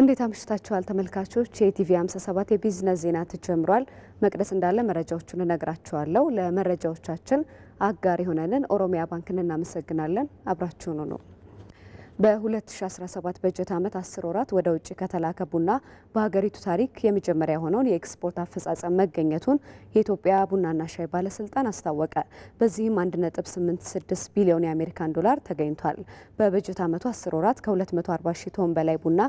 እንዴት አምሽታችኋል ተመልካቾች። የኢቲቪ 57 የቢዝነስ ዜና ተጀምሯል። መቅደስ እንዳለ መረጃዎቹን እነግራችኋለሁ። ለመረጃዎቻችን አጋር የሆነንን ኦሮሚያ ባንክን እናመሰግናለን። አብራችሁኑ ነው በ2017 በጀት ዓመት 10 ወራት ወደ ውጭ ከተላከ ቡና በሀገሪቱ ታሪክ የመጀመሪያ የሆነውን የኤክስፖርት አፈጻጸም መገኘቱን የኢትዮጵያ ቡናና ሻይ ባለስልጣን አስታወቀ። በዚህም 1.86 ቢሊዮን የአሜሪካን ዶላር ተገኝቷል። በበጀት ዓመቱ 10 ወራት ከ240 ሺ ቶን በላይ ቡና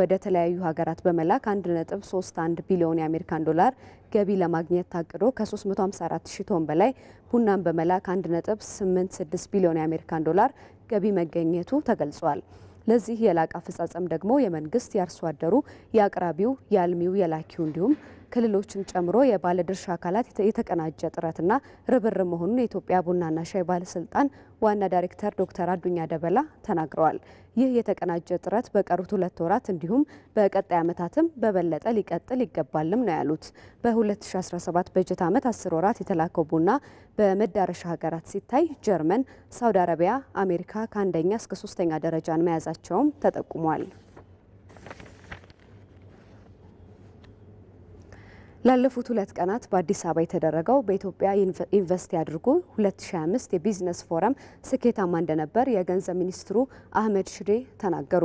ወደ ተለያዩ ሀገራት በመላክ 1.31 ቢሊዮን የአሜሪካን ዶላር ገቢ ለማግኘት ታቅዶ ከ354 ሺ ቶን በላይ ቡናን በመላክ 1.86 ቢሊዮን የአሜሪካን ዶላር ገቢ መገኘቱ ተገልጿል። ለዚህ የላቀ አፈጻጸም ደግሞ የመንግስት የአርሶ አደሩ፣ የአቅራቢው፣ የአልሚው፣ የላኪው እንዲሁም ክልሎችን ጨምሮ የባለድርሻ አካላት የተቀናጀ ጥረትና ርብርብ መሆኑን የኢትዮጵያ ቡናና ሻይ ባለስልጣን ዋና ዳይሬክተር ዶክተር አዱኛ ደበላ ተናግረዋል። ይህ የተቀናጀ ጥረት በቀሩት ሁለት ወራት እንዲሁም በቀጣይ ዓመታትም በበለጠ ሊቀጥል ይገባልም ነው ያሉት። በ2017 በጀት ዓመት 10 ወራት የተላከው ቡና በመዳረሻ ሀገራት ሲታይ ጀርመን፣ ሳውዲ አረቢያ፣ አሜሪካ ከአንደኛ እስከ ሶስተኛ ደረጃን መያዛቸውም ተጠቁሟል። ላለፉት ሁለት ቀናት በአዲስ አበባ የተደረገው በኢትዮጵያ ኢንቨስት ያድርጉ 2025 የቢዝነስ ፎረም ስኬታማ እንደነበር የገንዘብ ሚኒስትሩ አህመድ ሽዴ ተናገሩ።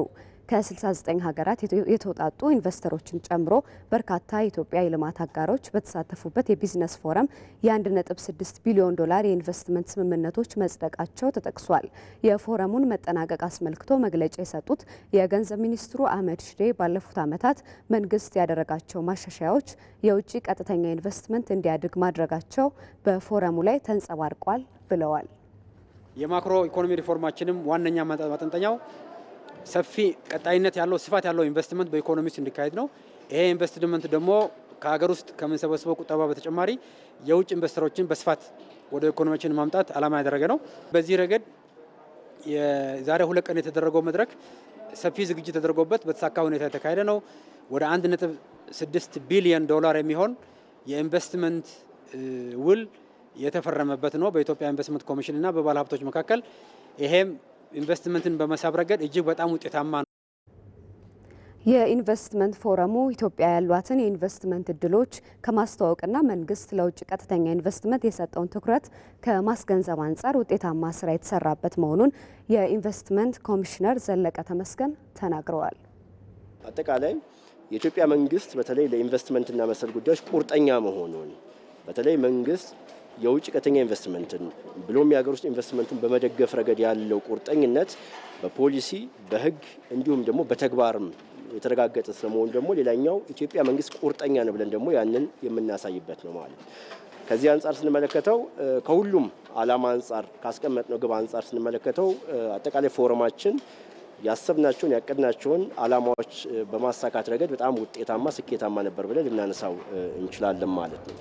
ከ69 ሀገራት የተውጣጡ ኢንቨስተሮችን ጨምሮ በርካታ የኢትዮጵያ የልማት አጋሮች በተሳተፉበት የቢዝነስ ፎረም የ1.6 ቢሊዮን ዶላር የኢንቨስትመንት ስምምነቶች መጽደቃቸው ተጠቅሷል። የፎረሙን መጠናቀቅ አስመልክቶ መግለጫ የሰጡት የገንዘብ ሚኒስትሩ አህመድ ሽዴ ባለፉት ዓመታት መንግስት ያደረጋቸው ማሻሻያዎች የውጭ ቀጥተኛ ኢንቨስትመንት እንዲያድግ ማድረጋቸው በፎረሙ ላይ ተንጸባርቋል ብለዋል። የማክሮ ኢኮኖሚ ሪፎርማችንም ዋነኛ ማጠንጠኛው ሰፊ ቀጣይነት ያለው ስፋት ያለው ኢንቨስትመንት በኢኮኖሚ ውስጥ እንዲካሄድ ነው። ይሄ ኢንቨስትመንት ደግሞ ከሀገር ውስጥ ከምንሰበስበው ቁጠባ በተጨማሪ የውጭ ኢንቨስተሮችን በስፋት ወደ ኢኮኖሚያችን ማምጣት ዓላማ ያደረገ ነው። በዚህ ረገድ የዛሬ ሁለት ቀን የተደረገው መድረክ ሰፊ ዝግጅት ተደርጎበት በተሳካ ሁኔታ የተካሄደ ነው። ወደ አንድ ስድስት ቢሊዮን ዶላር የሚሆን የኢንቨስትመንት ውል የተፈረመበት ነው በኢትዮጵያ ኢንቨስትመንት ኮሚሽን እና በባለሀብቶች መካከል ይሄም ኢንቨስትመንትን በመሳብ ረገድ እጅግ በጣም ውጤታማ ነው። የኢንቨስትመንት ፎረሙ ኢትዮጵያ ያሏትን የኢንቨስትመንት እድሎች ከማስተዋወቅና መንግስት ለውጭ ቀጥተኛ ኢንቨስትመንት የሰጠውን ትኩረት ከማስገንዘብ አንጻር ውጤታማ ስራ የተሰራበት መሆኑን የኢንቨስትመንት ኮሚሽነር ዘለቀ ተመስገን ተናግረዋል። አጠቃላይ የኢትዮጵያ መንግስት በተለይ ለኢንቨስትመንትና መሰል ጉዳዮች ቁርጠኛ መሆኑን በተለይ መንግስት የውጭ ቀጥተኛ ኢንቨስትመንትን ብሎም የሀገር ውስጥ ኢንቨስትመንትን በመደገፍ ረገድ ያለው ቁርጠኝነት በፖሊሲ በህግ እንዲሁም ደግሞ በተግባርም የተረጋገጠ ስለመሆኑ ደግሞ ሌላኛው ኢትዮጵያ መንግስት ቁርጠኛ ነው ብለን ደግሞ ያንን የምናሳይበት ነው ማለት ከዚህ አንጻር ስንመለከተው ከሁሉም አላማ አንጻር ካስቀመጥነው ግብ አንጻር ስንመለከተው አጠቃላይ ፎረማችን ያሰብናቸውን ያቀድናቸውን አላማዎች በማሳካት ረገድ በጣም ውጤታማ፣ ስኬታማ ነበር ብለን ልናነሳው እንችላለን ማለት ነው።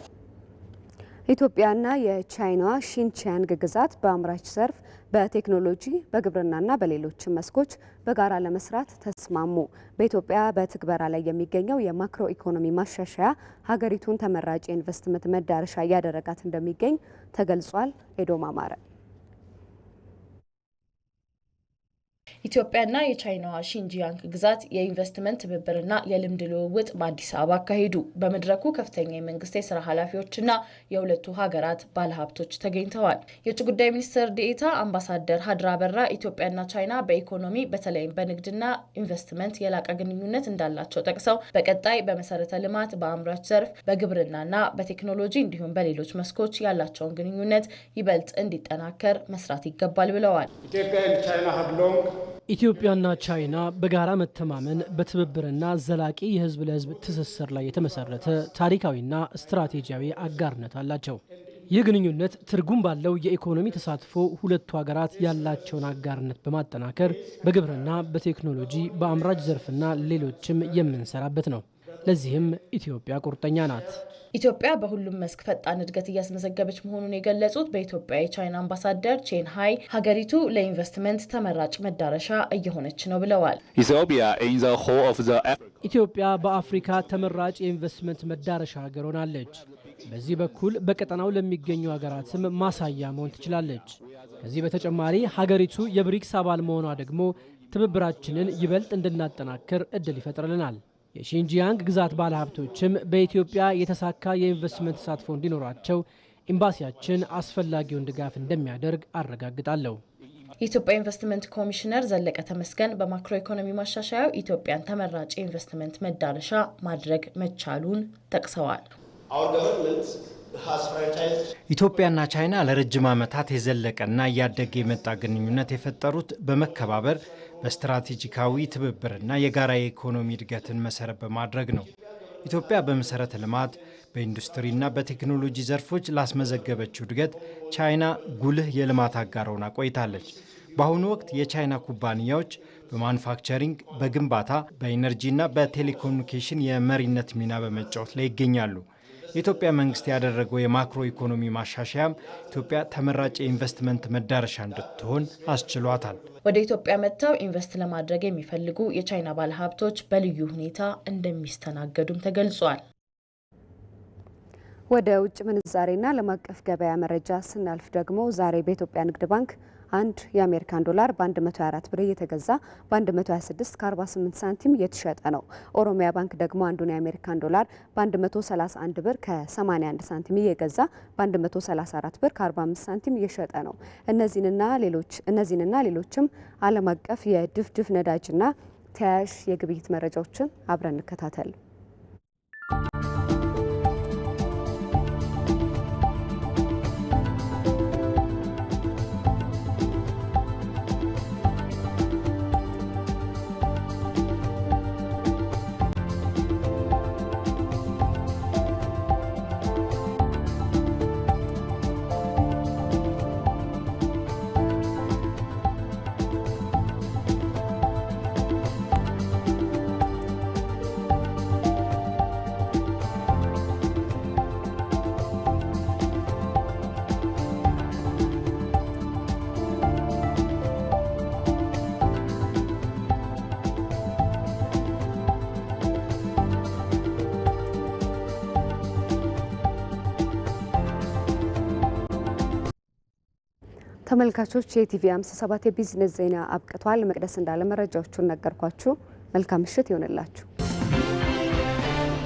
ኢትዮጵያና የቻይናዋ ሺንቺያንግ ግዛት በአምራች ዘርፍ፣ በቴክኖሎጂ፣ በግብርናና በሌሎችም መስኮች በጋራ ለመስራት ተስማሙ። በኢትዮጵያ በትግበራ ላይ የሚገኘው የማክሮ ኢኮኖሚ ማሻሻያ ሀገሪቱን ተመራጭ የኢንቨስትመንት መዳረሻ እያደረጋት እንደሚገኝ ተገልጿል። ኤዶም አማረ ኢትዮጵያና የቻይናዋ ሺንጂያንግ ግዛት የኢንቨስትመንት ትብብርና የልምድ ልውውጥ በአዲስ አበባ አካሄዱ። በመድረኩ ከፍተኛ የመንግስት የስራ ኃላፊዎችና የሁለቱ ሀገራት ባለሀብቶች ተገኝተዋል። የውጭ ጉዳይ ሚኒስትር ዴኤታ አምባሳደር ሀድራ በራ ኢትዮጵያና ቻይና በኢኮኖሚ በተለይም በንግድና ኢንቨስትመንት የላቀ ግንኙነት እንዳላቸው ጠቅሰው በቀጣይ በመሰረተ ልማት፣ በአምራች ዘርፍ፣ በግብርናና በቴክኖሎጂ እንዲሁም በሌሎች መስኮች ያላቸውን ግንኙነት ይበልጥ እንዲጠናከር መስራት ይገባል ብለዋል። ኢትዮጵያና ቻይና በጋራ መተማመን በትብብርና ዘላቂ የህዝብ ለህዝብ ትስስር ላይ የተመሰረተ ታሪካዊና ስትራቴጂያዊ አጋርነት አላቸው። ይህ ግንኙነት ትርጉም ባለው የኢኮኖሚ ተሳትፎ ሁለቱ ሀገራት ያላቸውን አጋርነት በማጠናከር በግብርና፣ በቴክኖሎጂ፣ በአምራች ዘርፍና ሌሎችም የምንሰራበት ነው። ለዚህም ኢትዮጵያ ቁርጠኛ ናት። ኢትዮጵያ በሁሉም መስክ ፈጣን እድገት እያስመዘገበች መሆኑን የገለጹት በኢትዮጵያ የቻይና አምባሳደር ቼን ሀይ ሀገሪቱ ለኢንቨስትመንት ተመራጭ መዳረሻ እየሆነች ነው ብለዋል። ኢትዮጵያ በአፍሪካ ተመራጭ የኢንቨስትመንት መዳረሻ ሀገር ሆናለች። በዚህ በኩል በቀጠናው ለሚገኙ ሀገራትም ማሳያ መሆን ትችላለች። ከዚህ በተጨማሪ ሀገሪቱ የብሪክስ አባል መሆኗ ደግሞ ትብብራችንን ይበልጥ እንድናጠናክር እድል ይፈጥርልናል። የሺንጂያንግ ግዛት ባለሀብቶችም በኢትዮጵያ የተሳካ የኢንቨስትመንት ተሳትፎ እንዲኖራቸው ኤምባሲያችን አስፈላጊውን ድጋፍ እንደሚያደርግ አረጋግጣለሁ። የኢትዮጵያ ኢንቨስትመንት ኮሚሽነር ዘለቀ ተመስገን በማክሮ ኢኮኖሚ ማሻሻያው ኢትዮጵያን ተመራጭ የኢንቨስትመንት መዳረሻ ማድረግ መቻሉን ጠቅሰዋል። ኢትዮጵያና ቻይና ለረጅም ዓመታት የዘለቀና እያደገ የመጣ ግንኙነት የፈጠሩት በመከባበር በስትራቴጂካዊ ትብብርና የጋራ የኢኮኖሚ እድገትን መሰረት በማድረግ ነው። ኢትዮጵያ በመሰረተ ልማት በኢንዱስትሪና በቴክኖሎጂ ዘርፎች ላስመዘገበችው እድገት ቻይና ጉልህ የልማት አጋር ሆና ቆይታለች። በአሁኑ ወቅት የቻይና ኩባንያዎች በማኑፋክቸሪንግ፣ በግንባታ፣ በኢነርጂና በቴሌኮሙኒኬሽን የመሪነት ሚና በመጫወት ላይ ይገኛሉ። የኢትዮጵያ መንግስት ያደረገው የማክሮ ኢኮኖሚ ማሻሻያም ኢትዮጵያ ተመራጭ የኢንቨስትመንት መዳረሻ እንድትሆን አስችሏታል። ወደ ኢትዮጵያ መጥተው ኢንቨስት ለማድረግ የሚፈልጉ የቻይና ባለሀብቶች በልዩ ሁኔታ እንደሚስተናገዱም ተገልጿል። ወደ ውጭ ምንዛሬና ዓለም አቀፍ ገበያ መረጃ ስናልፍ ደግሞ ዛሬ በኢትዮጵያ ንግድ ባንክ አንድ የአሜሪካን ዶላር በ124 ብር እየተገዛ በ126 ከ48 ሳንቲም እየተሸጠ ነው። ኦሮሚያ ባንክ ደግሞ አንዱን የአሜሪካን ዶላር በ131 ብር ከ81 ሳንቲም እየገዛ በ134 ብር ከ45 ሳንቲም እየሸጠ ነው። እነዚህንና ሌሎች እነዚህንና ሌሎችም ዓለም አቀፍ የድፍድፍ ነዳጅና ተያያዥ የግብይት መረጃዎችን አብረን እንከታተል። ተመልካቾች የቲቪ 57 የቢዝነስ ዜና አብቅቷል። መቅደስ እንዳለ መረጃዎቹን ነገርኳችሁ። መልካም ምሽት ይሆንላችሁ።